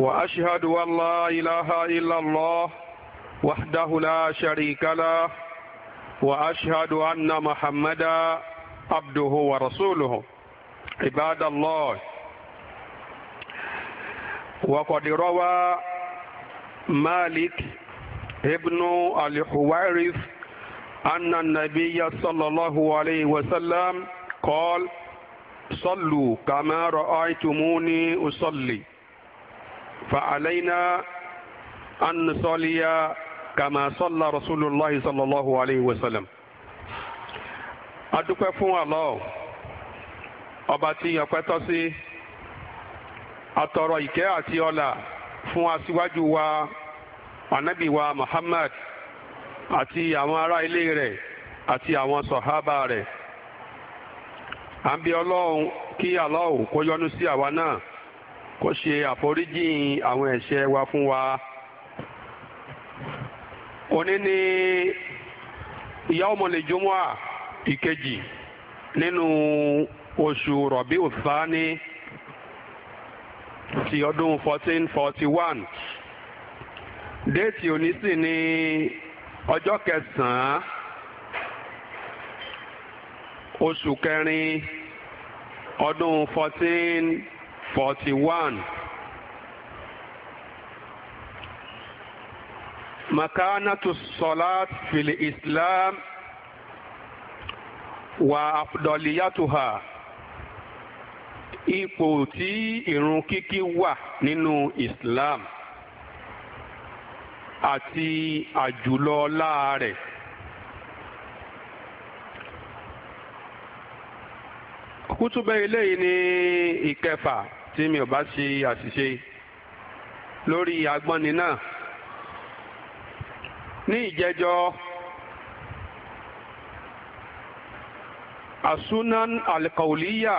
وأشهد أن لا إله إلا الله وحده لا شريك له وأشهد أن محمدا عبده ورسوله عباد الله وقد روى مالك ابن الحوارث أن النبي صلى الله عليه وسلم قال صلوا كما رأيتموني أصلي فعلينا أن نصلي كما صلى رسول الله صلى الله عليه وسلم adúpẹ́ fún Allah ọba tí ọpẹ́ tọ́ sí atọrọ ìkẹ́ àti ọlà fún aṣíwájú wa anabi wa Muhammad àti àwọn ará ilé rẹ̀ àti àwọn sọ̀hábà rẹ̀ à ń bí ọlọ́run kí Allah kó yọ́nú sí àwa náà kó ṣe àforíjìn àwọn ẹ̀ṣẹ̀ wa fún wa òní ni yawmul jumu'a ìkejì nínú oṣù rọ̀bí òsáni ti ọdún fourteen forty one déètì òní sì ni ọjọ́ kẹsàn-án oṣù kẹrin ọdún fourteen. 14 forty one. مكانة الصلاة في الإسلام وأفضليتها ipò tí ìrun kíkí wà nínú Islam àti àjùlọ ọlá rẹ̀. kútúbẹ̀ eléyìí ní ìkẹfà tí mi ò bá ṣe àṣìṣe lórí agbọ́ni náà ní ìjẹjọ́ asunan alikauliya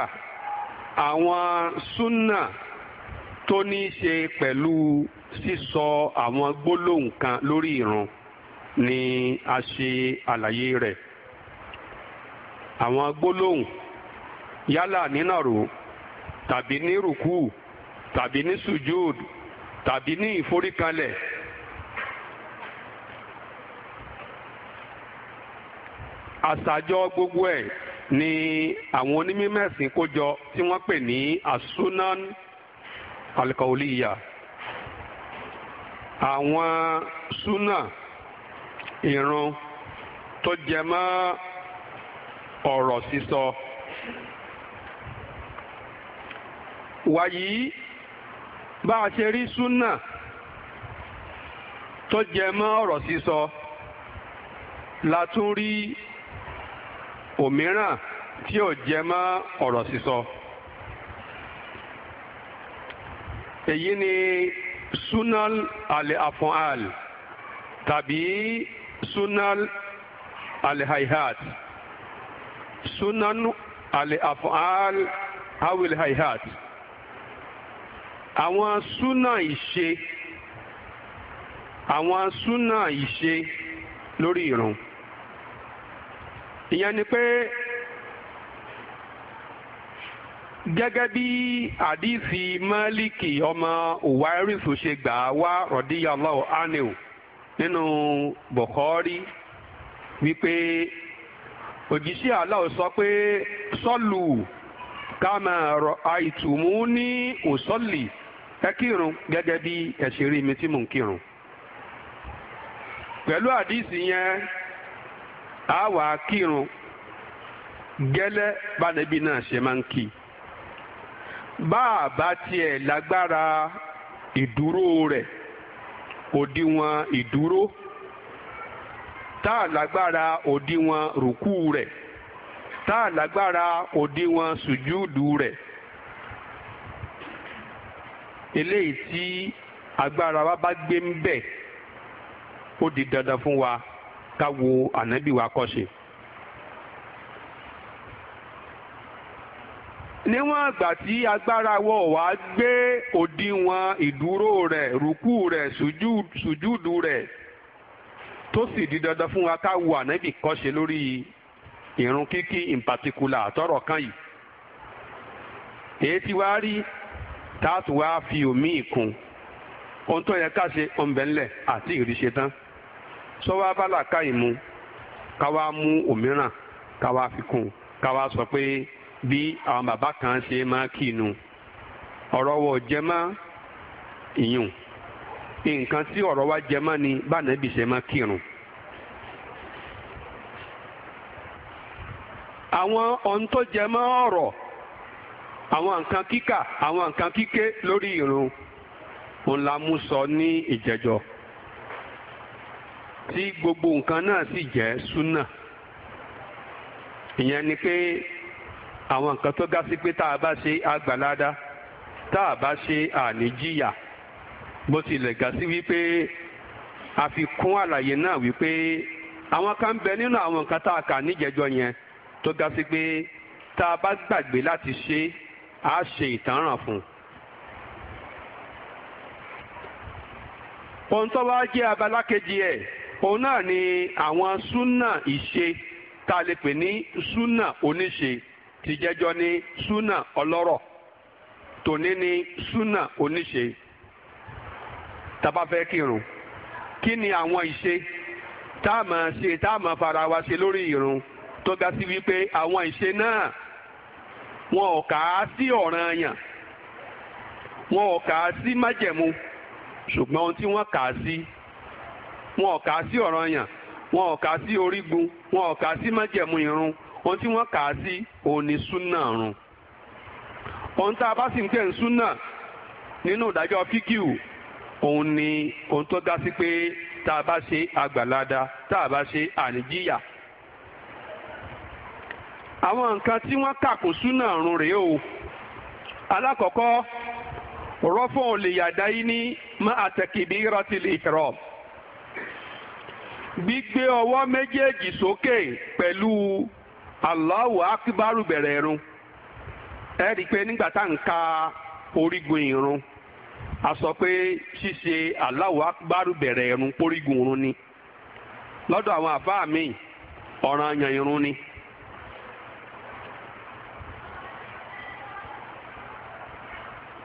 àwọn sunna tó ní í ṣe pẹ̀lú sísọ àwọn gbólóhùn kan lórí ìrun ni a ṣe àlàyé rẹ̀ àwọn gbólóhùn yálà nínàró tàbí ní rùkú tàbí ní sùjúd tàbí ní ìforíkanlẹ̀. àṣàjọ gbogbo ẹ̀ ni àwọn onímẹ̀sìn kójọ tí wọ́n pè ní asunan alikauliya àwọn suna ìrun tó jẹ mọ́ ọ̀rọ̀ sísọ. So wàyí bá a ṣe rí súnà tó jẹ mọ́ ọ̀rọ̀ sísọ la tún rí òmíràn tí ò jẹ mọ́ ọ̀rọ̀ sísọ. èyí ni sunal alẹ́ afonal tàbí sunal alẹ́ haihat sunan alẹ́ afonal awil haihat. àwọn súnà ìṣe àwọn súnà ìṣe lórí ìrùn ìyẹn ni pé gẹ́gẹ́ bí àdìsí málìkì ọmọ òwárìsù ṣe gbà wá rọ̀díyàlọ́ anil nínú bọ̀kọ́rí wípé òjíṣẹ́ Allah sọ pé sọ́lù kámẹ́rọ̀ àìtùmú ní òsọ́lì. ẹ kírun gẹ́gẹ́ bí ẹ ṣe rí mi tí mò ń kírun. pẹ̀lú àdìsí yẹn a wà kírun gẹ́lẹ́ bánẹ́bí náà ṣe máa ń kí. bá a bá tiẹ̀ lágbára ìdúró rẹ̀ òdiwọ̀n ìdúró tá a lágbára òdiwọ̀n rùkú rẹ̀ tá a lágbára òdiwọ̀n sùjúdù rẹ̀ eléyìí tí agbára wa bá gbé ń bẹ̀ ó di dandan fún wa ká wo ànábì wa kọ́ ṣe. níwọ̀n àgbà tí agbára wọ̀ wá gbé òdiwọ̀n ìdúró rẹ̀ rúkú rẹ̀ sùjúdù rẹ̀ tó sì di dandan fún wa ká wo ànábì kọ́ ṣe lórí ìrun kíkí in particular àtọ̀rọ̀ kan yìí. èyí tí wàá rí táàtù fi omi kun ohun tó yẹ ká ṣe ọ̀nbẹ̀ńlẹ̀ àti ìrìṣe tán sọ́wọ́ abala káyìí mu ká wá mú òmíràn fi kun ka wá sọ pé bí àwọn bàbá kan ṣe máa kí inú ọ̀rọ̀ wọ̀ jẹ́ mọ́ ni bánàbì ṣe máa kírun. àwọn ohun tó jẹ àwọn nǹkan kíkà àwọn nǹkan kíké lórí ìrun òun la mú sọ ní ìjẹjọ tí gbogbo nǹkan náà sì jẹ́ súnà ìyẹn ni pé àwọn nǹkan tó ga sí pé tá a bá ṣe àgbàládá tá a bá ṣe àníjìyà bó tilẹ̀ ga sí wípé a àlàyé náà wípé àwọn kan bẹ nínú àwọn nǹkan tá a kà níjẹjọ yẹn tó ga sí pé tá a bá gbàgbé láti ṣe a ṣe ìtanràn fún un. ohun tó bá jẹ́ abala kejì ẹ̀ òun náà ni àwọn súnà ìṣe tá a lè pè ní súnà oníṣe ti jẹ́jọ́ ní súnà ọlọ́rọ̀ tòní ní súnà oníṣe tá a bá fẹ́ kírun kí ni àwọn ìṣe tá a máa ṣe tá a máa fara wa ṣe lórí ìrun tó ga sí wípé àwọn ìṣe náà wọn ò kà á sí ọ̀ràn yàn wọn ò kà á sí májẹ̀mú ṣùgbọ́n ohun tí wọ́n kà á sí wọn ò kà á sí ọ̀ràn yàn wọn ò kà á sí orígun wọn ò kà á sí májẹ̀mú irun ohun tí wọ́n kà á sí òun ni súnà run ohun tá a bá sì ń pè ń súnà nínú ìdájọ́ fíkìú òun ni ohun tó ga sí pé tá a bá ṣe àgbàlada tá a bá ṣe àníjíyà àwọn nǹkan tí wọ́n kà kún súnà ọ̀run rèé o alákọ̀ọ́kọ́ rọ́fọ̀ olè yàdá yìí ní má àtẹ̀kìbí lè ìkẹrọ gbígbé ọwọ́ méjèèjì sókè pẹ̀lú Allahu akíbárù bẹ̀rẹ̀ irun ẹ rí i pé nígbà tá à ń ka orígun irun a sọ pé ṣíṣe akíbárù bẹ̀rẹ̀ irun ni.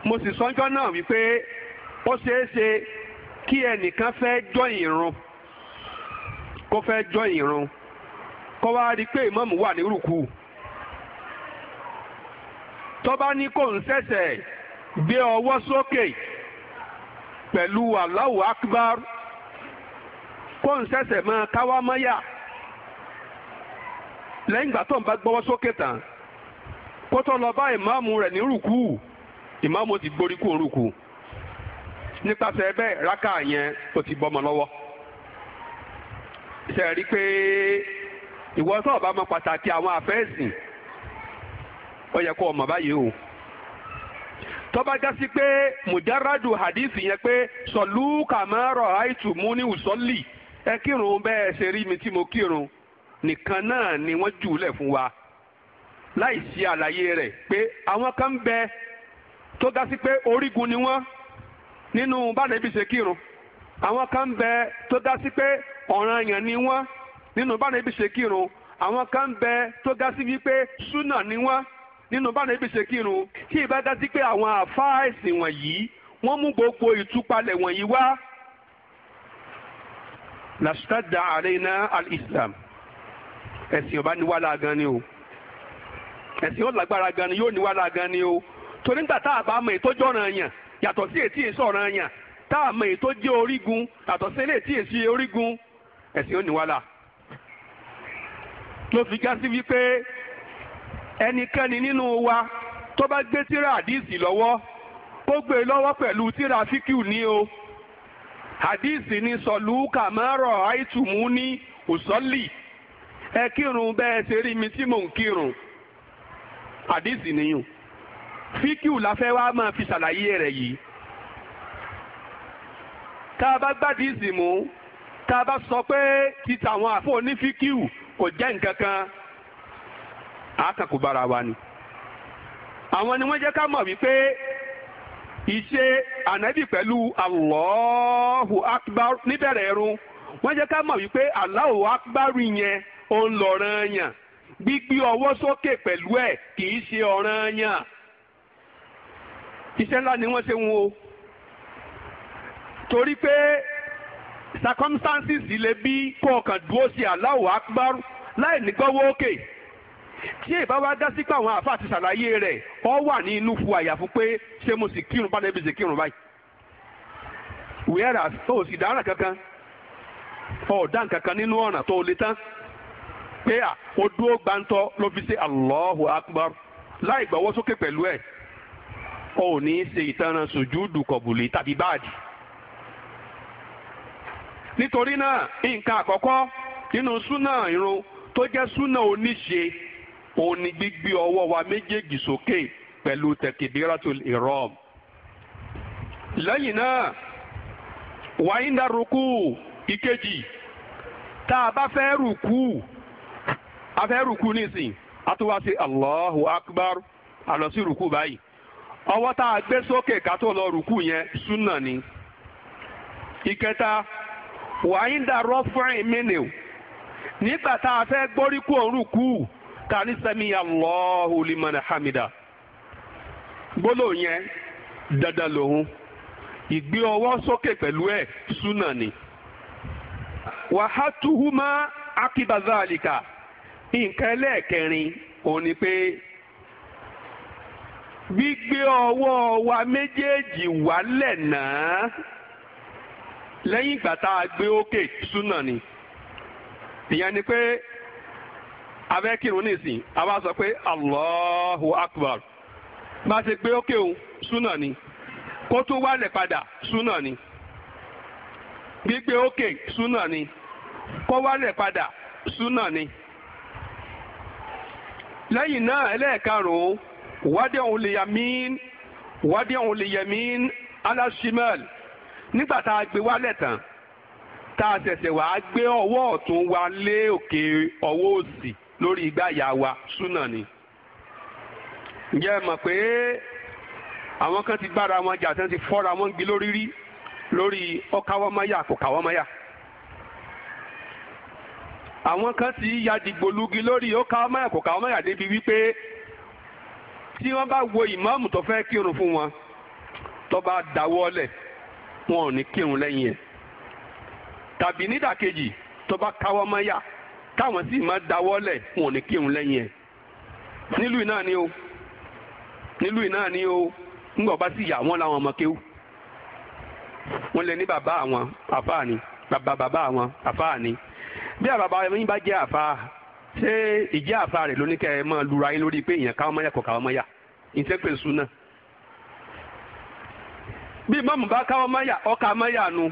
mo sì sọ́jọ́ náà wípé ó ṣeé ṣe kí ẹnìkan fẹ́ jọ ìrun kó fẹ́ jọ ìrun kó wá rí i pé ìmọ̀mù wà ní rúkú tó ní kò ń ṣẹ̀ṣẹ̀ gbé ọwọ́ sókè pẹ̀lú Allahu Akbar kó ń ṣẹ̀ṣẹ̀ máa káwá mọ́yà lẹ́yìn ìgbà tó ń bá gbọ́wọ́ sókè tán kó tó lọ bá ìmọ̀mù rẹ̀ ní rúkú. ìmáàmù ti gbórí kú orúkú nípasẹ̀ bẹ́ẹ̀ rákà yẹn ti bọ́ ọmọ lọ́wọ́ ṣe rí i pé ìwọ sọ̀rọ̀ bá mọ pàtàkì àwọn àfẹ́sìn ó yẹ kó o báyìí o tó já pé mujarradu hadith yẹn pé sọ̀lú kàmárọ̀ mi tí mo kírun nìkan náà ni fún wa láì sí àlàyé pé àwọn kan tó ga sí pé orígun ni wọ́n nínú bánẹ́bí ṣe kírun àwọn kan ń bẹ tó ga sí pé ọ̀ranyàn ni wọ́n nínú bánẹ́bí ṣe kírun àwọn kan ń bẹ tó ga sí wípé súnà ni wọ́n nínú bánẹ́bí ṣe kírun tí ìbá ga sí pé àwọn àfáà ẹ̀sìn wọ̀nyí wọ́n mú gbogbo ìtúpalẹ̀ wọ̀nyí wá. làṣítàdà àlẹ́yìnà al-islam ẹ̀sìn ọba ni wàhálà gan ni o ẹ̀sìn ó lágbára gan ni yóò ní wàhálà gan ni o torí nígbà tá a bá mọ ètò jọ̀ràn yàn yàtọ̀ sí ètí ìsọ̀ràn yàn tá a mọ ètò jẹ́ orígun yàtọ̀ sí eléyìí tí èsì orígun ẹ̀sìn oníwàlà ló fi já sí wípé ẹnikẹ́ni nínú wa tó bá gbé tíra àdíìsì lọ́wọ́ kó gbé e lọ́wọ́ pẹ̀lú tíra fíkìú ní o àdíìsì ni sọ̀lú kàmárọ̀ àìtùmú ní òsọ́lì ẹ kírun bẹ́ẹ̀ ṣe rí mi tí mò ń kírun àdíìsì nìyẹn fíkìú la fẹ́ wá máa fi ṣàlàyé rẹ̀ yìí tá a bá gbádìí sì mú tá a bá sọ pé títa àwọn àfọ onífíkìú kò jẹ́ nǹkan kan àákàkù bára wa ni àwọn ni wọ́n jẹ́ ká mọ̀ wípé ìṣe ànábì pẹ̀lú Allahu Akbar níbẹ̀rẹ̀ ẹ̀rùn wọ́n jẹ́ ká mọ̀ wípé Allahu Akbar yẹn òun lọ̀ranyàn gbígbí ọwọ́ sókè pẹ̀lú ẹ̀ kì í ṣe ọ̀ranyàn. iṣẹ́ ni wọ́n ṣe ń wo torí pé circumstances lè bí kó ọkàn dúró sí Allahu Akbar láì ní òkè tí ìbá wa dá sí pé àwọn àti ṣàlàyé rẹ̀ ọ wà ní inú fu àyàfó pé ṣé mo sì kírun bá o sì kankan kankan nínú ọ̀nà tó o lè tán pé à o dúró gbàǹtọ́ ló fi ò ní ṣe ìtanràn sùjúdù kọ̀bùlì tàbí báàdì. nítorí náà nǹkan àkọ́kọ́ nínú súnà irun tó jẹ́ súnà oníṣe òun ni gbígbé ọwọ́ wa méjèèjì sókè pẹ̀lú tẹ̀kìdíratul ìrọ̀m. lẹ́yìn náà wàá ń darúkú ìkejì tá a bá fẹ́ a fẹ́ rùkú nísìn a Allahu Akbar a lọ sí báyìí ọwọ́ tá a gbé sókè ká tó lọ rùkú yẹn súnà ni ìkẹta wàyí ń da rọ́fúnrin fẹ nígbà tá a fẹ́ gbórí kú ká ní sẹ́mi Allahu liman hamida gbólóò yẹn dandan lòun ìgbé ọwọ́ sókè pẹ̀lú ẹ̀ súnà ni wàhátùhùmá akíbazálìkà nǹkan ẹlẹ́ẹ̀kẹrin òun pé gbígbé ọwọ́ wa méjèèjì wálẹ̀ náà lẹ́yìn ìgbà tá a gbé ókè, súnà ni ìyẹn ni pé abẹ́ kírun nísìn a wá sọ pé Allahu Akbar bá a ṣe gbé ókè òun súnà ni kó tó wálẹ̀ padà súnà ni gbígbé ókè, súnà ni kó wálẹ̀ padà súnà ni lẹ́yìn náà ẹlẹ́ẹ̀karùn-ún. wádìhùn lè yàmín wádìhùn lè yàmín aláṣímẹ́l nígbà tá a gbé wálẹ̀ tán tá a ṣẹ̀ṣẹ̀ wàá gbé ọwọ́ ọ̀tún wa lé òkè ọwọ́ òsì lórí ìgbàyà wa súnà ni. ǹjẹ́ ẹ mọ̀ pé àwọn kan ti gbára wọn jà tán ti fọ́ra wọn gbé lórí rí lórí ọkàwọ́mọ́yà kò kàwọ́mọ́yà àwọn kan ti ya dìgbòlugi lórí ọkàwọ́mọ́yà kò kàwọ́mọ́yà débi wípé tí wọ́n bá wo ìmáàmù tó fẹ́ kírun fún wọn tó bá dáwọ́lẹ̀ wọn ò ní kírun lẹ́yìn ẹ̀ tàbí nídàkejì tó bá káwọ́ mọ́yà táwọn sì máa dáwọ́lẹ̀ wọn ò ní kírun lẹ́yìn ẹ̀ nílùú náà ni o nílùú náà ni o ńgbà ọba sì yà wọ́n làwọn ọmọ kéwù wọ́n lè ní bàbá àwọn àfáà ni bàbá bàbá àwọn àfáà ni bí àbàbà yín bá jẹ́ àfáà ṣé ìjẹ́ àfa rẹ̀ lóníkẹ́ ẹ máa lura yín lórí pé èèyàn káwọn mọ́yà kò káwọn mọ́yà ìṣe pé sùn náà. bí mọ́mù bá káwọn mọ́yà ọkà mọ́yà nu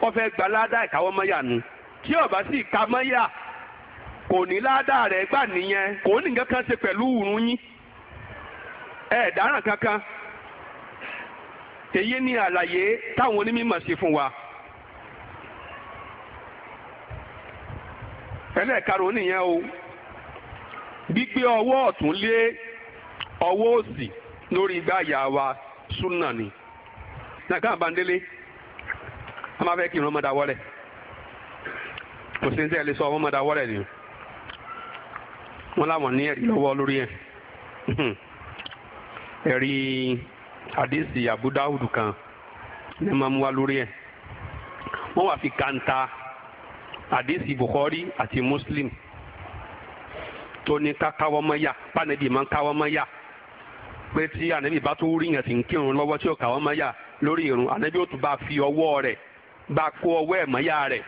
wọ́n fẹ́ gba ládàá ìkáwọ́ mọ́yà nu tí ọ̀bá sì ká mọ́yà kò ní ládàá rẹ̀ gbà nìyẹn kò ní kankan kan ṣe pẹ̀lú ìrun yín ẹ̀ kankan èyí ni àlàyé táwọn onímọ̀ ṣe fún wa. ẹlẹ́ẹ̀karùn nìyẹn o gbígbé ọwọ́ ọ̀tún lé ọwọ́ òsì lórí igbá wa súnà ni nàkà àbándélé a máa fẹ́ kí irun ọmọdé awọ́lẹ̀ kò sí ní tẹ́lẹ̀ sọ ọmọ ọmọdé ni wọ́n láwọn ní ẹ̀rí lọ́wọ́ lórí ẹ̀ ẹ̀rí kan ní máa mú wa lórí fi kanta. àdéhìsì Bukhari àti Muslim tó ní ká káwọ́ mọ́yà pànẹ́bí máa ń káwọ́ mọ́yà pé tí ànẹ́bí bá tó rí yàn tí ń kírun lọ́wọ́ tí ó káwọ́ mọ́yà lórí irun ànẹ́bí ó tún bá fi ọwọ́ rẹ̀ bá kó ọwọ́ ẹ̀ mọ́yà rẹ̀.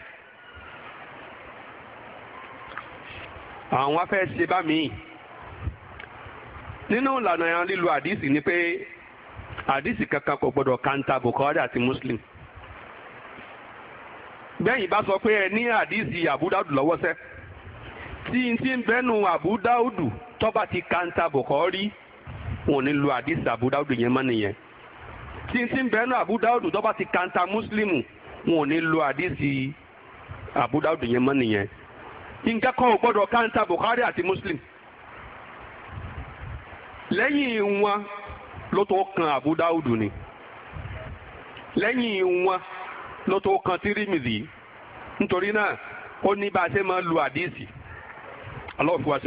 àwọn afẹ́ ṣe bá mi nínú ìlànà lílo àdìsí ni pé àdìsí kankan kò gbọdọ̀ kanta Bukhari àti Muslim bẹ́yìn bá sọ pé ẹ ní àdìsí àbúdáùdù lọ́wọ́sẹ́ tí n ti ń bẹ́nu àbúdáùdù tọ́ba ti kanta bùkọ́rí wọn ò ní lo àdìsí àbúdáùdù yẹn mọ́ nìyẹn tí n ti ń bẹ́nu àbúdáùdù tọ́ba ti kanta mùsùlùmù wọn ò ní lo àdìsí àbúdáùdù yẹn mọ́ nìyẹn nǹkan kan ò gbọ́dọ̀ kanta bùkọ́rí àti mùsùlùmù lẹ́yìn wọn ló tó kan àbúdáùdù ni lẹ́yìn wọn ló tó kan Tirmidhi nítorí náà ó ní bá a ṣe máa lu àdíìsì Allah fi wá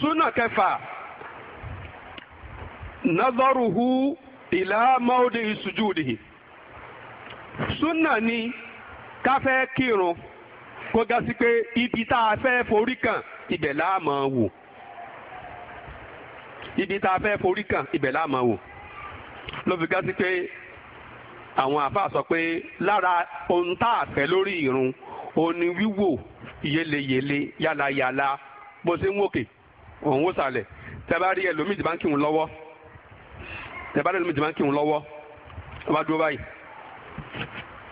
súnà kẹfà nazaruhu ila mawdi sujudihi súnà ni ká fẹ́ kírun kó ga sí pé ibi tá a fẹ́ forí kàn ibẹ̀ la máa wò ibi tá a fẹ́ forí kàn ibẹ̀ la máa wò ló ga sí pé àwọn àfa sọ pé lára ohun tá a fẹ́ lórí ìrun òní wíwò yeleyele yálayàla bó ṣe ń wòkè òun wò sàlẹ̀ tẹ bá rí ẹlòmíì tí bá ń kírun lọ́wọ́ tẹ bá rí ẹlòmíì tí bá ń kírun lọ́wọ́ wọ́n bá dúró báyìí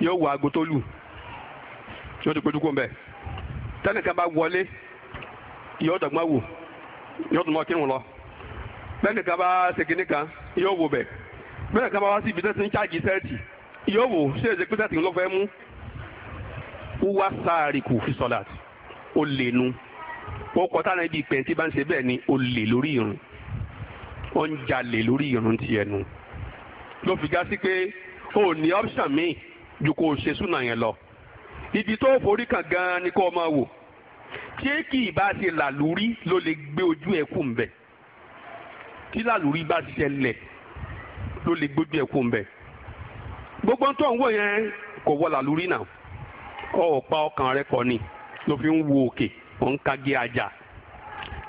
yóò wọ aago tó lù yóò ti péjú kó mbẹ tẹnìkan bá wọlé yóò dọ̀gbọ́n wò yóò tún mọ́ kírun lọ bẹ́ẹ̀ bá ṣe kinní kan yóò wò bẹ́ẹ̀ bẹ́ẹ̀ nìkan bá wá sí ibi tó ti ń ṣáàjì sẹ́ẹ̀tì yóò wò ṣé ẹ̀jẹ̀ pété àti ńlọ́fẹ́ mú wúwá sáàrì kù fi sọ̀lá ó lè nu wọ́n kọ́ táwọn ibi ìpẹ́ tí bá ń ṣe bẹ́ẹ̀ ni ó lè lórí irun ó ń jalè lórí irun ti ẹnu ló fi já sí pé ó ní option míì ju kó ṣe súnà yẹn lọ ibi tó forí kan gan-an ni kó máa wò tí kì í bá ṣe làlúrí ló lè gbé ojú ẹ kù ń bẹ̀ tí làlúrí bá ṣẹlẹ̀ ló lè gbójú ẹ kù ń bẹ̀ gbogbo tó ń wò yẹn kò wọ làlúrí náà ọ ò pa ọkàn rẹ kọ ni ló fi ń wo òkè ò ń kagi ajá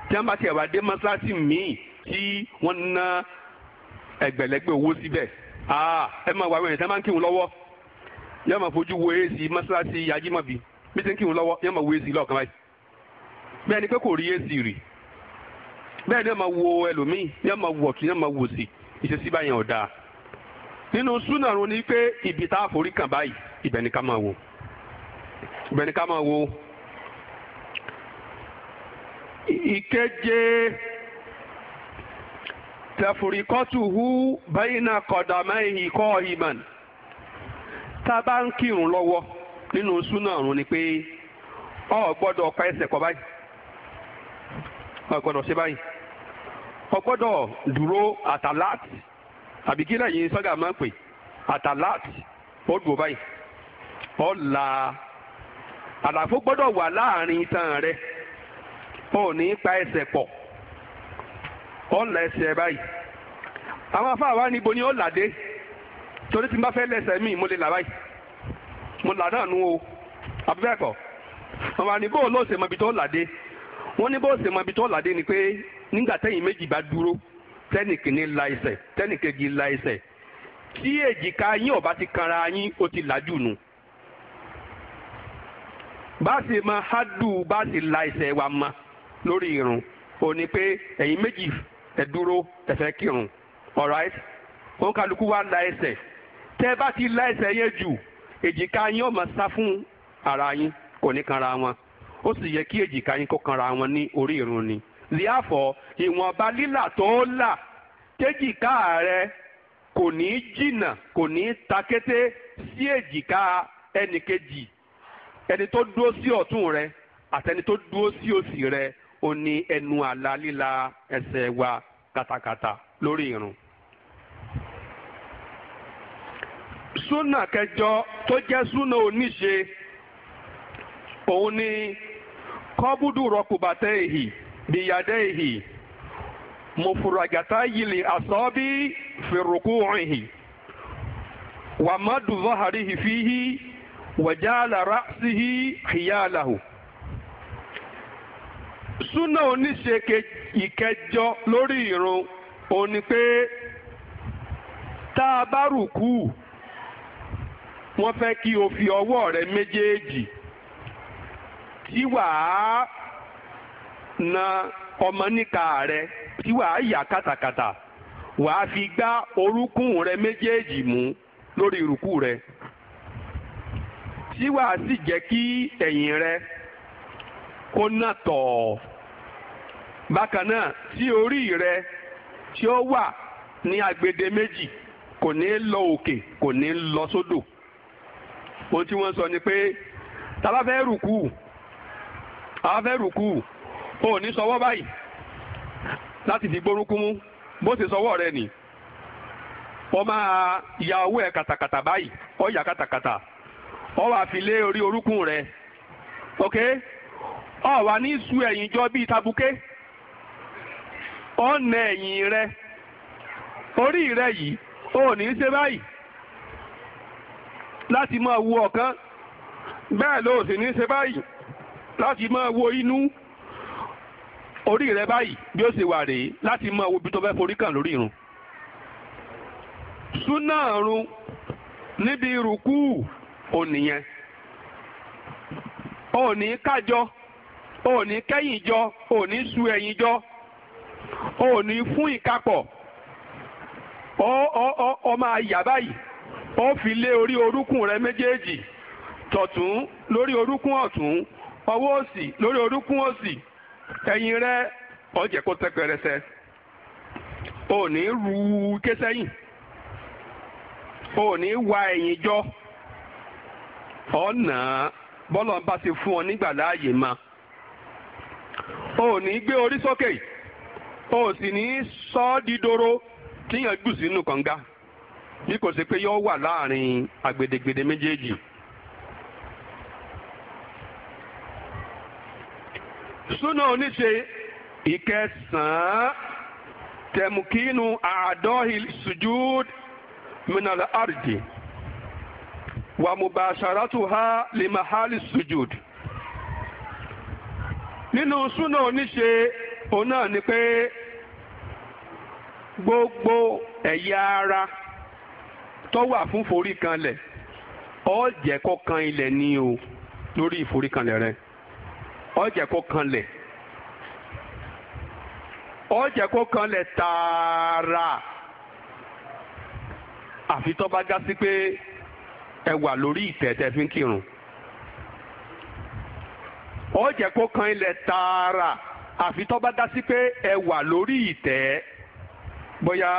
tí wọn bá tiẹ̀ wá dé mọ́ṣáláṣí míì tí wọ́n ná ẹgbẹ̀lẹ́gbẹ̀ owó síbẹ̀ ẹ máa wá wẹ̀yìn tí wọ́n máa ń kírun lọ́wọ́ yóò máa fojú wo èsì mọ́ṣáláṣí yajimabi bí ti ń kírun lọ́wọ́ yóò máa wo èsì lọ́ọ̀kan báyìí bẹ́ẹ̀ ni pé kò rí èsì rì bẹ́ẹ̀ ni wọ́n máa wo ẹlòmíì yóò máa wo ọ̀tún yóò máa wo òsì ìṣesí báyẹn ò dáa nínú súnà ro ni pé ibi tá a forí kàn báyìí ibẹ̀ ni ká máa wo ibẹ̀ ni ká máa wo ìkeje tẹ̀fùrìkọ́tùhù bẹ́yìnà kọ̀dàmẹ́yìn kọ́ ìmàn tá a bá ń kírun lọ́wọ́ nínú súnà ro ni pé o gbọ́dọ̀ ọ̀ka ẹsẹ̀ kọ́ báyìí o gbọ́dọ̀ ṣe báyìí o gbọ́dọ̀ dúró àtàláàtì. àbí kí lẹ́yìn sọ́gà máa ń pè àtàláàtì ó dùn báyìí ọ̀la àlàfo gbọ́dọ̀ wà láàrin itan rẹ ò ní pa ẹsẹ̀ pọ̀ ọ̀la ẹsẹ̀ báyìí àwọn afáàwá níbo ni ó làdé torí tí n bá fẹ́ lẹ́sẹ̀ míì mo lè là báyìí mo là náà nu o àbí bẹ́ẹ̀ kọ́ àwọn àníbò ló ṣe mọ ibi tó làdé wọ́n ní bó ṣe mọ ibi tó làdé ni pé nígbà tẹ́yìn méjì bá dúró tẹ́nìkìní la ẹsẹ̀ tẹ́nìkejì la ẹsẹ̀ tí èjìká yín ò bá ti kanra yín ó ti làjú nù. bá a hádù bá a wa ma lórí irun ò ní pé ẹ̀yin méjì ẹ dúró ẹ fẹ́ kírun alright òun kálukú wa la ẹsẹ̀ tẹ́ bá ti la ẹsẹ̀ yẹn jù èjìká yín ò máa sá fún ara yín kò ní kanra wọn ó sì yẹ kí èjìká yín kó kanra wọn ní orí irun ni. Therefore, ìwọ̀nba lílà tó ń là kéjìká rẹ kò ní jìnnà kò ní takété sí èjìká ẹnìkejì ẹni tó dúró sí ọ̀tún rẹ àtẹni tó dúró sí òsì rẹ ó ní ẹnu àlà lílà ẹsẹ̀ wa kàtàkàtà lórí irun. súnà kẹjọ tó jẹ́ súnà oníṣe òun ni kọ́búdù rọkùbàtẹ́ èyí biyadehi mufuragata yili asọ́bi firukuhi wàmadu zaharihi fihi wàjàlá rasihi hiyalahu. súnà oníṣe ìkẹjọ lórí irun òní pé tá a bá rùkú wọ́n fẹ́ kí o fi ọwọ́ rẹ méjèèjì tí wàá na ọmọ níka rẹ tí wàá yà kàtàkàtà wàá fi gbá orúnkún rẹ méjèèjì mú lórí ìrùkù rẹ tí wàá sì jẹ́ kí ẹ̀yìn rẹ kó nà tọ̀ bákan náà tí orí rẹ tí ó wà ní agbede méjì kò ní lọ òkè kò ní lọ sódò ohun tí wọ́n sọ ni pé tá a bá fẹ́ rùkù a bá fẹ́ rùkù. o ní sọwọ́ báyìí láti fi gbórúkún mú bó ṣe sọwọ́ rẹ nì ọ máa ya owó ẹ̀ kàtàkàtà báyìí ọ yà katakata ọ wà fi lé orí orúkún rẹ ok ọ wà ní su ẹ̀yìn jọ bíi tabuké ọ nà ẹ̀yìn rẹ orí rẹ yìí o ní ṣe báyìí láti máa wo ọ̀kan bẹ́ẹ̀ ló sì ní ṣe báyìí láti máa wo inú orí rẹ báyìí bí ó ṣe wà rèé láti mọ ibi tó fẹ́ forí kàn lórí irun. súnà irun níbi ìrùkú ònìyẹn òní kájọ òní kẹ́yìn jọ òní su ẹ̀yìn jọ òní fún ìkápọ̀ ó máa yà báyìí ó fi lé orí orúnkún rẹ méjèèjì tọ̀tún lórí orúnkún ọ̀tún ọwọ́ òsì lórí orúnkún òsì ẹ̀yìn rẹ ọ̀jẹ̀ kó tẹ́ pẹrẹsẹ ní ru ké sẹ́yìn ò ní wa ẹ̀yìn jọ ọ̀nà bọ́lọ̀ ń bá ti fún ọ nígbà láàyè ma ò ní gbé orí sókè ò sì ní sọ ọ́ tíyàn jù sínú kànga bí kò sí pé yóò wà láàrin àgbèdègbèdè méjèèjì. Suna oníṣe ìkẹsàn-án tẹ̀mùkínú àádọ́hì sujúd minal ardi wà mubasharatuha li mahali sujúd nínú súnà oníṣe òun ni pé gbogbo ẹ̀yà ara tó wà fún foríkanlẹ̀ ó jẹ́ kó kan ilẹ̀ ní o lórí ìforíkanlẹ̀ rẹ̀. ó jẹ́ kó kanlẹ̀ ó jẹ́ kó tààrà àfi tó bá pé ẹ wà lórí ìtẹ́ fi ń kírun kó kan ilẹ̀ tààrà àfi tó bá pé ẹ wà lórí bóyá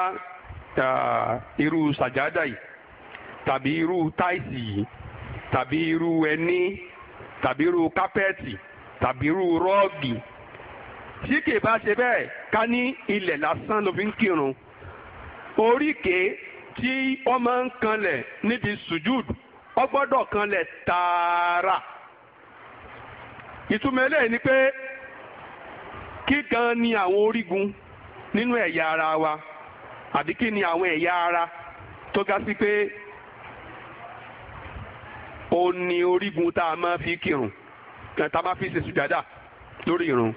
irú sàjádà yìí tàbí irú táìsì yìí tàbí irú ẹní tàbí irú rọ́ọ̀gì tí kì bá ṣe bẹ́ẹ̀ ká ní ilẹ̀ lásán ló fi ń kírun oríkèé tí wọ́n máa ń kanlẹ̀ níbi sùjúd ó gbọ́dọ̀ kanlẹ̀ tààrà ìtumọ̀ eléyìí ni pé kíkan ni àwọn orígun nínú ẹ̀yà ara wa àbí kí ni àwọn ẹ̀yà ara tó ga sí pé ó ní orígun tá a máa fi kírun kan tá a bá fi ṣe sùjádà lórí irun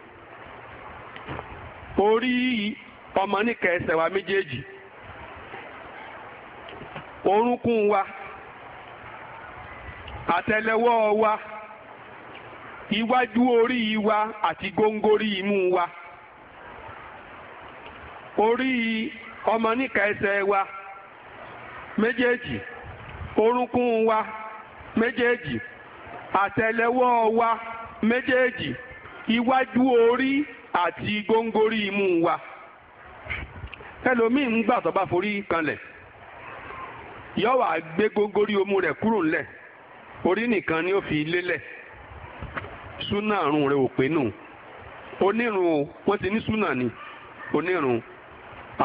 orí ọmọ níka ẹsẹ̀ wa méjèèjì orúnkún wa àtẹ́lẹwọ́ wa iwájú orí wa àti góńgórí imú wa orí ọmọ níka ẹsẹ̀ wa méjèèjì orúnkún wa méjèèjì àtẹ́lẹwọ́ wa. méjèèjì iwájú orí àti góńgórí imú wa ẹlòmíì ń gbà tó bá forí kanlẹ̀ yóò gbé góńgórí omú rẹ̀ kúrò ńlẹ̀ orí nìkan ni ó fi lélẹ̀ súnà àrùn rẹ̀ ò pé nù onírun o wọ́n ti ní súnà ni onírun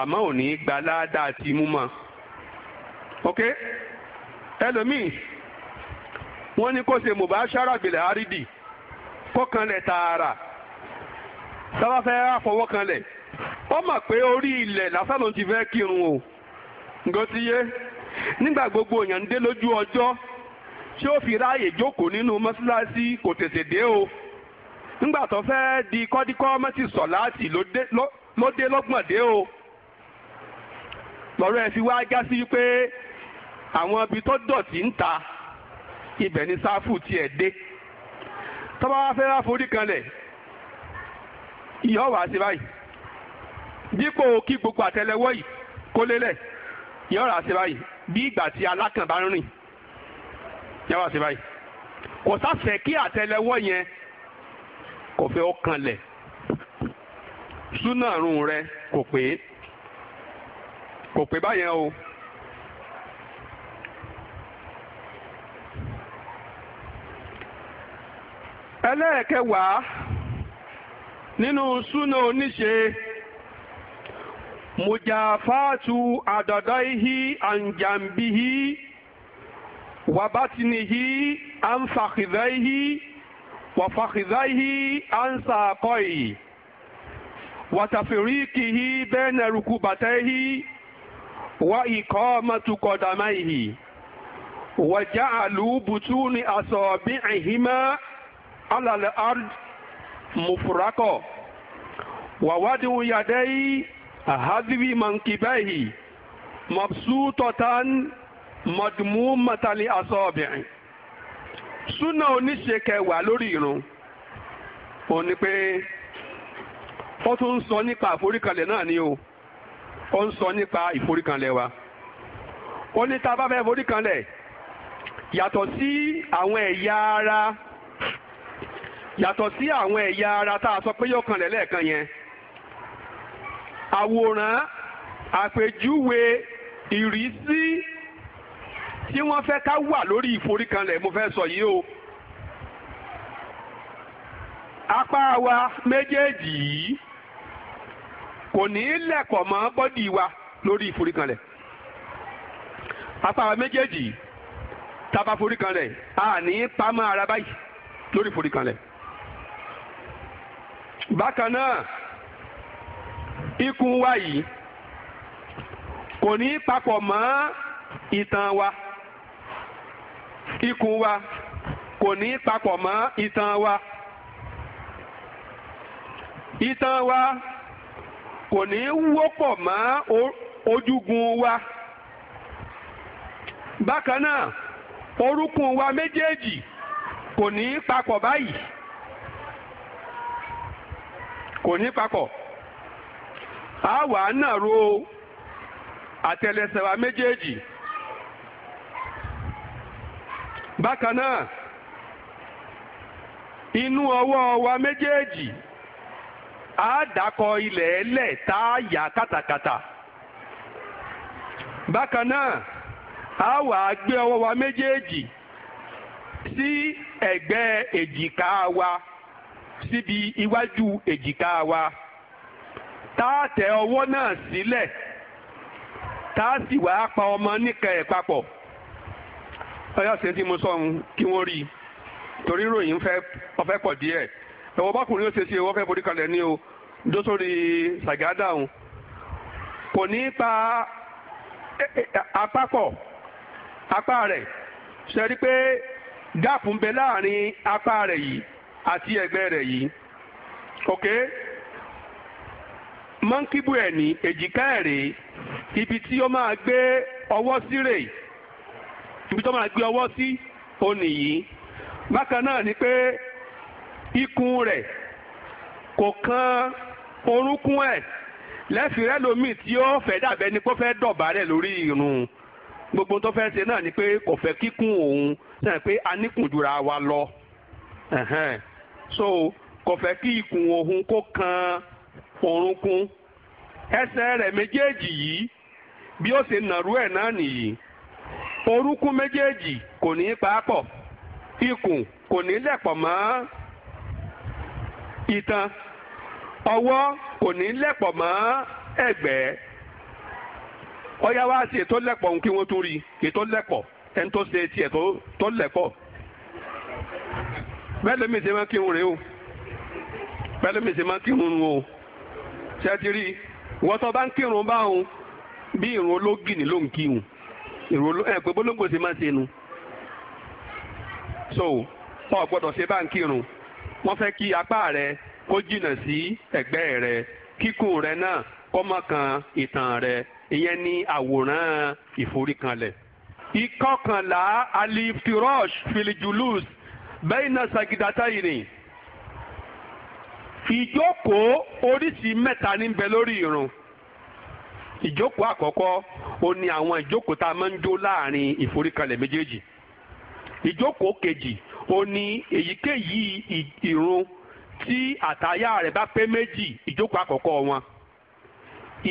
àmọ́ ò ní gba ládàá ti mú mọ́ ok ẹlòmíì wọ́n ní kó ṣe mùbá sára gbèlè àrídìí. kọ́kànlẹ̀ tààrà sábà fẹ́ àfọwọ́kànlẹ̀ ó mà pé orí ilẹ̀ lásán ló ti kírun o nǹkan ti yé nígbà gbogbo èèyàn ń dé lójú ọjọ́ tí ó fi ráàyè jókòó nínú mọ́ṣáláṣí kò tètè dé o nígbà tó fẹ́ di kọ́díkọ́ o fi wá já sí pé àwọn ibi tó dọ̀tí ń ta tọ́ba wá fẹ́ wá forí kanlẹ̀ ìyọ́ wàá sí báyìí dípò kí gbogbo àtẹ́lẹwọ́ yìí kó lélẹ̀ ìyọ́ wàá sí báyìí bí ìgbà tí alákàn bá ń rìn ìyọ́ wàá sí báyìí kò sáfẹ́ kí àtẹ́lẹwọ́ yẹn kò fẹ́ ó kanlẹ̀ súnà rùn rẹ kò pé kò pé báyẹn o. ẹlẹ́ẹ̀kẹwàá nínú súnà oníṣe mùjàfáàtù àdọ̀dọ̀ ihí àǹjàǹbí ihí wàbátìní ihí àǹfàkìdá ihí wàfàkìdá ihí àǹsàkọ́ ihí wàtàfìríkì ihí bẹ́ẹ̀ nà rúkú wà ikọ́ mọ́tukọ̀dàmá ihí wàjà àlùbùtù àsọ̀bí àhímá. alàlẹ́ ard mufurakọ̀ wàwádìí yàdẹ́yì àhádìbí mọ̀nkìbẹ́yì mọ̀bsútọ̀tàn mọ̀dùmú mọ̀tàlí asọ́ọ̀bìnrin. súnà oníṣe kẹwàá lórí irun ó ní pé ó tún ń sọ nípa àforíkanlẹ̀ ni o ó sọ nípa ìforíkanlẹ̀ wa ó ní tá a sí àwọn ẹ̀yà ara yàtọ̀ sí àwọn ẹ̀yà ara tá a sọ pé yóò kanlẹ̀ lẹ́ẹ̀kan yẹn àwòrán àpèjúwe ìrísí tí wọ́n fẹ́ ká wà lórí ìforíkanlẹ̀ mo fẹ́ sọ yìí o apá wa méjèèjì yìí kò ní í lẹ̀kọ̀ mọ́ bọ́dì wa lórí ìforíkanlẹ̀ apá wa méjèèjì tá a bá foríkanlẹ̀ a ní í pamọ́ ara báyìí lórí ìforíkanlẹ̀. bákan náà ikùn wa yìí kò ní papọ̀ mọ́ ìtàn wa ikùn wa kò ní papọ̀ mọ́ ìtàn wa ìtàn wa kò ní wọ́pọ̀ mọ́ ojúgun wa bákan náà orúkún wa méjèèjì kò ní papọ̀ báyìí. kò ní papọ̀ a wà á nà ro àtẹlẹsẹ̀ wa méjèèjì bákan náà inú ọwọ́ wa méjèèjì a dàkọ ilẹ̀ ẹlẹ̀ tá a yà kàtàkàtà bákan náà a wà á gbé ọwọ́ wa méjèèjì sí ẹ̀gbẹ́ èjìká wa. Si síbi iwájú èjìká wa tá a tẹ ọwọ́ náà sílẹ̀ tá a sì wá pa ọmọ níkan ẹ̀ papọ̀ ọyọ ṣe tí mo sọ ohun kí wọ́n rí i torí ròyìn fẹ́ ọfẹ́ pọ̀ díẹ̀ ẹ̀wọ̀n bákùnrin ó ṣe ṣe wọ́n fẹ́ forí kalẹ̀ ní o dó sórí kò ní pa e, e, apápọ̀ apá rẹ̀ ṣe rí i pé gáàpù ń bẹ láàrin apá rẹ̀ yìí àti ẹ̀gbẹ́ rẹ̀ yìí ok mọ́ńkíbù ẹ̀ ní èjìká ẹ̀ rèé ibi tí ó máa gbé ọwọ́ sí rèé ibi tó máa gbé ọwọ́ sí ó nìyí bákan náà ni pé ikùn rẹ̀ kò kan orúnkún ẹ̀ lẹ́fìrẹ́ lomi tí ó fẹ́ dàbẹ́ ni kó fẹ́ dọ̀bálẹ̀ lórí irun gbogbo tó fẹ́ ṣe náà ni pé kò fẹ́ kíkún òun náà pé a níkùn jura wa lọ. Uh-huh. so kò fẹ́ kí ikùn òun kó kan orúnkún ẹsẹ̀ rẹ̀ méjèèjì yìí bí ó ṣe nàrú ẹ̀ náà nìyí orúnkún méjèèjì kò ní paapọ̀ ikùn kò ní lẹ̀pọ̀ mọ́ itan ọwọ́ kò ní lẹ̀pọ̀ mọ́ ọyá ètò lẹ̀pọ̀ òun kí wọ́n rí ètò lẹ̀pọ̀ bẹ́ẹ̀ lómi ṣe máa ń kírun rèé o bẹ́ẹ̀ lómi ṣe máa ń kírun o ṣe ti rí wọ́n tó bá ń kírun báwọn bí ìrún ológì ní ló ń kírun ìrún ẹ̀ pé bólógbò ṣe máa ń ṣe nu so ọ gbọ́dọ̀ ṣe bá ń kírun wọ́n fẹ́ kí apá rẹ kó jìnnà sí ẹ̀gbẹ́ rẹ kíkùn rẹ náà kó má kan ìtàn rẹ ìyẹn ní àwòrán ìforíkanlẹ̀. ìkọkànlá aliftirosh filijulus bẹ́ẹ̀nà sàgídàtà yìí ni ìjókòó oríṣìí mẹ́ta ní bẹ lórí irun ìjókòó àkọ́kọ́ o ní àwọn ìjókòó tá a máa ń jó láàrin ìforíkalẹ̀ méjèèjì ìjókòó kejì ó ní èyíkéyìí irun tí àtàyà rẹ̀ bá pé méjì ìjókòó àkọ́kọ́ wọn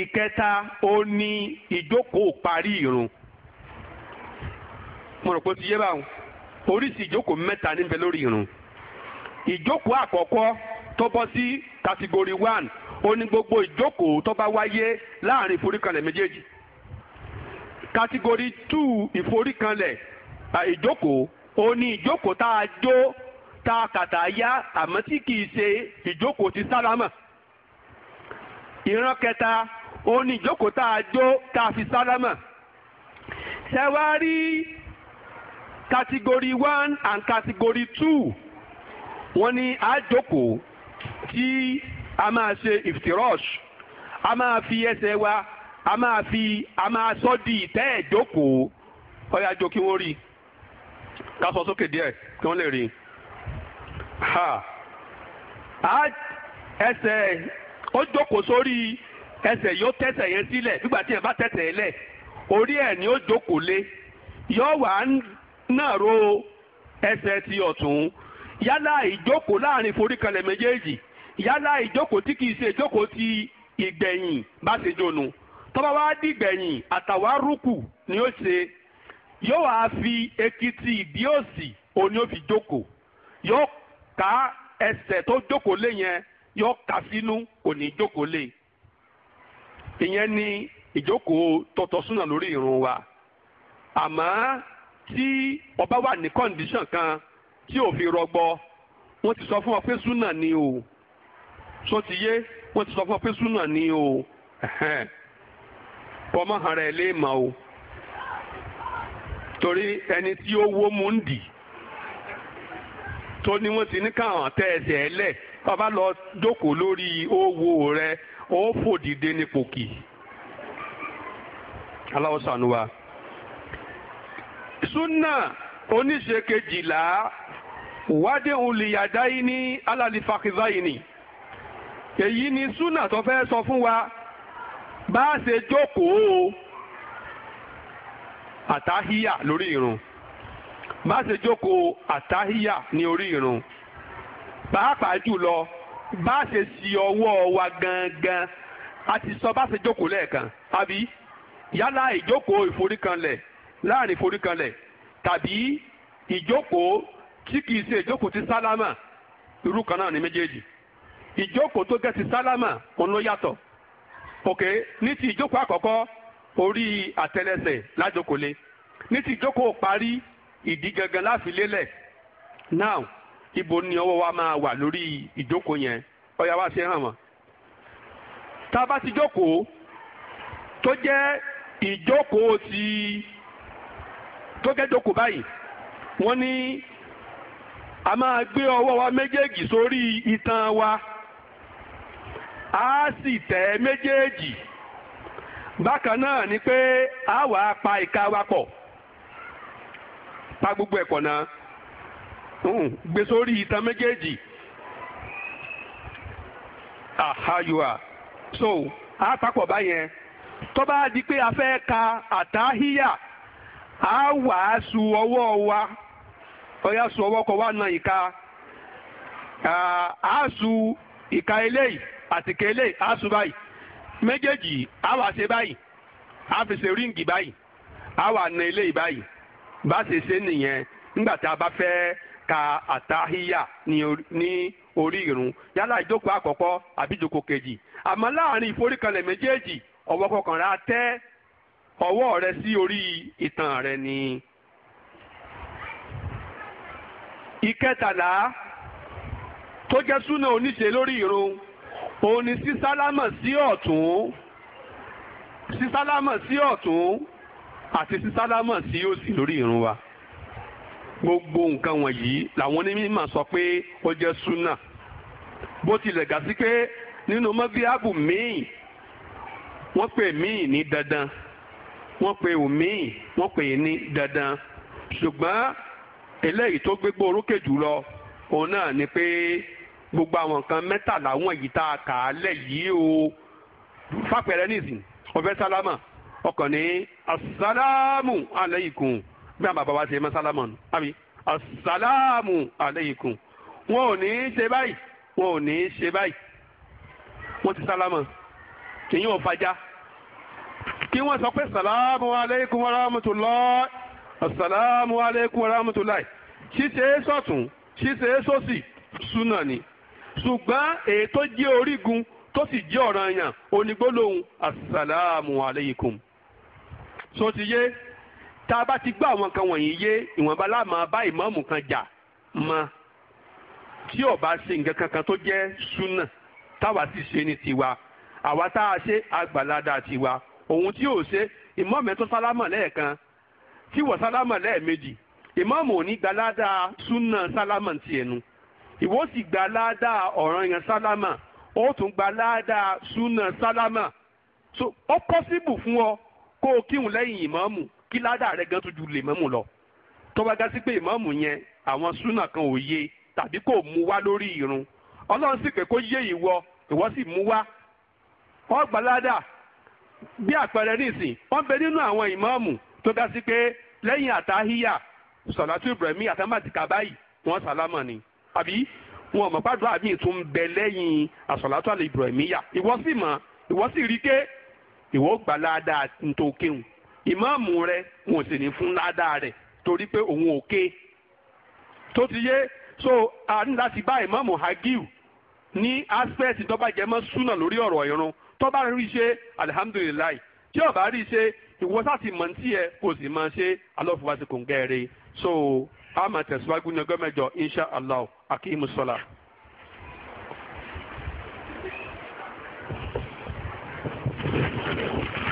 ìkẹta o ní ìjókòó parí irun mo rò pé ti yé báwọn oríṣi ìjókòó mẹ́ta níbẹ̀ lórí irun ìjókòó àkọ́kọ́ tó bọ́ sí kàtígórì one ó ní gbogbo ìjókòó tó bá wáyé láàrin ìforíkanlẹ̀ méjèèjì kàtígórì two ìforíkanlẹ̀ ìjókòó ó ní ìjókòó tá a jó tá a kàtà yá àmọ́ tí kìí ṣe ìjókòó ti sálámà ìran kẹta ó ní ìjókòó tá a jó tá a fi sálámà ṣẹ́wáá category one and category two wọ́n ní àjòkó tí a máa ṣe ìfìtìrọ́ọ̀ṣ a máa fi ẹsẹ̀ wa a máa fi a máa sọ di ìtẹ́ ẹ̀jòkó ọ̀yà àjò kí wọ́n rí ká sọ sókè díẹ̀ kí wọ́n lè rí ẹsẹ̀ ó jókòó sórí ẹsẹ̀ yóò tẹ̀sẹ̀ yẹn sílẹ̀ nígbà tí ẹ bá tẹ̀sẹ̀ yẹn lẹ̀ orí ẹ̀ ni ó jókòó lé yóò wá ń ro ẹsẹ̀ ti ọ̀tún yálà ìjókòó láàrin foríkalẹ̀ méjèèjì yálà ìjókòó tí kìí ṣe ìjókòó ti ìgbẹ̀yìn bá ṣe jónu tọ́ba wá dìgbẹ̀yìn ni ó ṣe yóò wá fi ekiti ìdí òsì òun ni ó fi jókòó yóò ká ẹsẹ̀ tó jókòó lé yẹn yóò kà ni ìjókòó tọ̀tọ̀ súnà lórí wa tí ọba wà ní kọ́ndíṣàn kan tí ò fi rọgbọ wọ́n ti sọ fún ọ pé súnà ni o sọ ti yé wọ́n ti sọ fún ọ pé súnà ni o pọ́nmọ́ hàn rẹ̀ lè mọ̀ o torí ẹni tí ó wó mu ń dì tó ni wọ́n ti ní káwọn tẹ ẹsẹ̀ ẹ lẹ̀ bàbá lọ jókòó lórí owó rẹ̀ ó fò dìde ní pòkì aláwọ̀ súnà oníṣe kejìlá wádé olùyàdá yìí ní alálìfàkìzá yìí ni èyí ni súnà tó fẹ́ sọ fún wa bá a ṣe jókòó àtàhíyà lórí irun bá a ṣe jókòó àtàhíyà ní orí irun pàápàá jùlọ bá a ṣe ṣì ọwọ́ wa gangan a ti sọ bá a ṣe jókòó lẹ́ẹ̀kan àbí yálà ìjókòó ìforíkanlẹ̀ láàrin ìforíkanlẹ̀ tàbí ìjókòó tí kìí ṣe ìjókòó ti sálámà irú kan náà ní méjèèjì ìjókòó tó gẹ́ ti sálámà òun ló ok ní ti ìjókòó àkọ́kọ́ orí àtẹlẹsẹ̀ lájókòólé ní ti ìjókòó parí ìdí gangan láfi ibo ni ọwọ́ wa máa wà lórí ìjókòó yẹn wa ṣe hàn wọ́n tá a bá ti jókòó tó kẹ́jọ́kù báyìí wọ́n ní a máa gbé ọwọ́ wa méjèèjì sórí itan wa a sì tẹ̀ méjèèjì bákan náà ni pé a wà á pa ìka wa pọ̀ pa gbogbo ẹ̀kọ́ náà gbé sórí itan méjèèjì àhayùwà so a papọ̀ báyẹn tó bá di pé a fẹ́ ka àtàhíyà. a wàásù ọwọ́ wa ọwọ́ kọ na ìka àásù ìka eléyìí báyìí méjèèjì a wà ṣe báyìí a fi ṣe ríǹgì báyìí a wà na eléyìí báyìí bá ṣe ṣe nìyẹn nígbà tá ka àtàhíyà ní orí ìrun yálà ìjókòó àkọ́kọ́ àbí ìjókòó kejì àmọ́ láàrin ìforíkanlẹ̀ méjèèjì ọwọ́ rẹ sí orí ìtàn rẹ ni. ìkẹtàlá tó jẹ́ súnà oníṣe lórí irun òun ni sísálámọ̀ sí ọ̀tún sísálámọ̀ sí ọ̀tún àti sísálámọ̀ sí òsì lórí irun wa gbogbo nǹkan wọ̀nyí làwọn onímọ̀ sọ pé ó jẹ́ súnà bó tilẹ̀ gà pé nínú mọ́bíábù míì wọ́n pè míì ní dandan wọ́n pe omi wọ́n pè ní dandan ṣùgbọ́n eléyìí tó gbégbó orókè jùlọ òun náà ni pé gbogbo àwọn nǹkan mẹ́tàlá wọn yìí tá a kà á lẹ̀ yìí o fàpẹ̀rẹ̀ nìsín ọ̀fẹ́ sálámà ọkàn ní asálàmù aláìkùn bí àwọn bàbá wa ṣe mọ́ sálámà nù àbí asálàmù aláìkùn wọn ò ní í ṣe báyìí wọn ò ní í ṣe báyìí wọ́n ti sálámà kì í fajá kí wọ́n sọ pé salamu aleykum wa rahmatulahi salamu aleykum wa rahmatulahi ṣíṣe é sọ̀tún ṣíṣe é sósì súnà ni ṣùgbọ́n èyí tó jẹ́ orígun tó sì jẹ́ ọ̀ranyàn onígbólóhùn asàlámù aleykum. so ti yé tá a bá ti gbọ́ àwọn kan wọ̀nyí yé ìwọ̀nba láàmú bá ìmáàmù kan jà mọ́ tí ò bá ṣe nǹkan kankan tó jẹ́ súnà táwa sì ṣe ní tiwa àwa tá a ṣe àgbàládà tiwa òun tí yóò ṣe ìmọ̀ọ́mù tó sálámọ̀ lẹ́ẹ̀kan tí wọ́n sálámọ̀ lẹ́ẹ̀mejì ìmọ̀ọ́mù ò ní gba ládàá súnà sálámọ̀ ti ẹnu ìwọ sì gba ládàá ọ̀ranyàn sálámọ̀ ó tún gba ládàá súnà sálámọ̀ so ó pọ́síbù fún ọ kó o kírun lẹ́yìn ìmọ̀ọ́mù kí ládàá rẹ gan tó ju lè mọ́mù lọ tó bá gá sí pé ìmọ̀ọ́mù yẹn àwọn súnà kan ò yé tàbí kò mú wá lórí ìrun ọlọ́run sì pé kó yé ìwọ ìwọ sì mú wá ọ gbalada bí àpẹẹrẹ nísìn wọ́n bẹ nínú àwọn ìmáàmù tó ga sí pé lẹ́yìn àtàhíyà sọ̀làtú ibrahim àtàmàtìkà báyìí wọ́n sàlámà ni àbí wọn mọ̀ pàdó àmì tún ń bẹ lẹ́yìn àsọ̀làtú àlẹ́ ibrahim yà ìwọ sì mọ̀ ìwọ sì rí ké ìwọ gbà ládàá tó kéwù ìmáàmù rẹ wọn sì ní fún ládàá rẹ torí pé òun ò ké tó ti yé so a láti bá ìmáàmù hagiu ní aspect tó bá jẹ mọ́ súnà lórí ọ̀rọ̀ ìrun tó bá rí ṣe alihamudulilayi tí ó bá rí ṣe ìwọ sáti mọ̀ tí ẹ kò sì máa ṣe alọ́fọwọ́sí kò ń gẹ́rẹ́ so a máa tẹ̀síwájú ní ọgọ́ mẹ́jọ insha allah akimu sọlá. Thank you.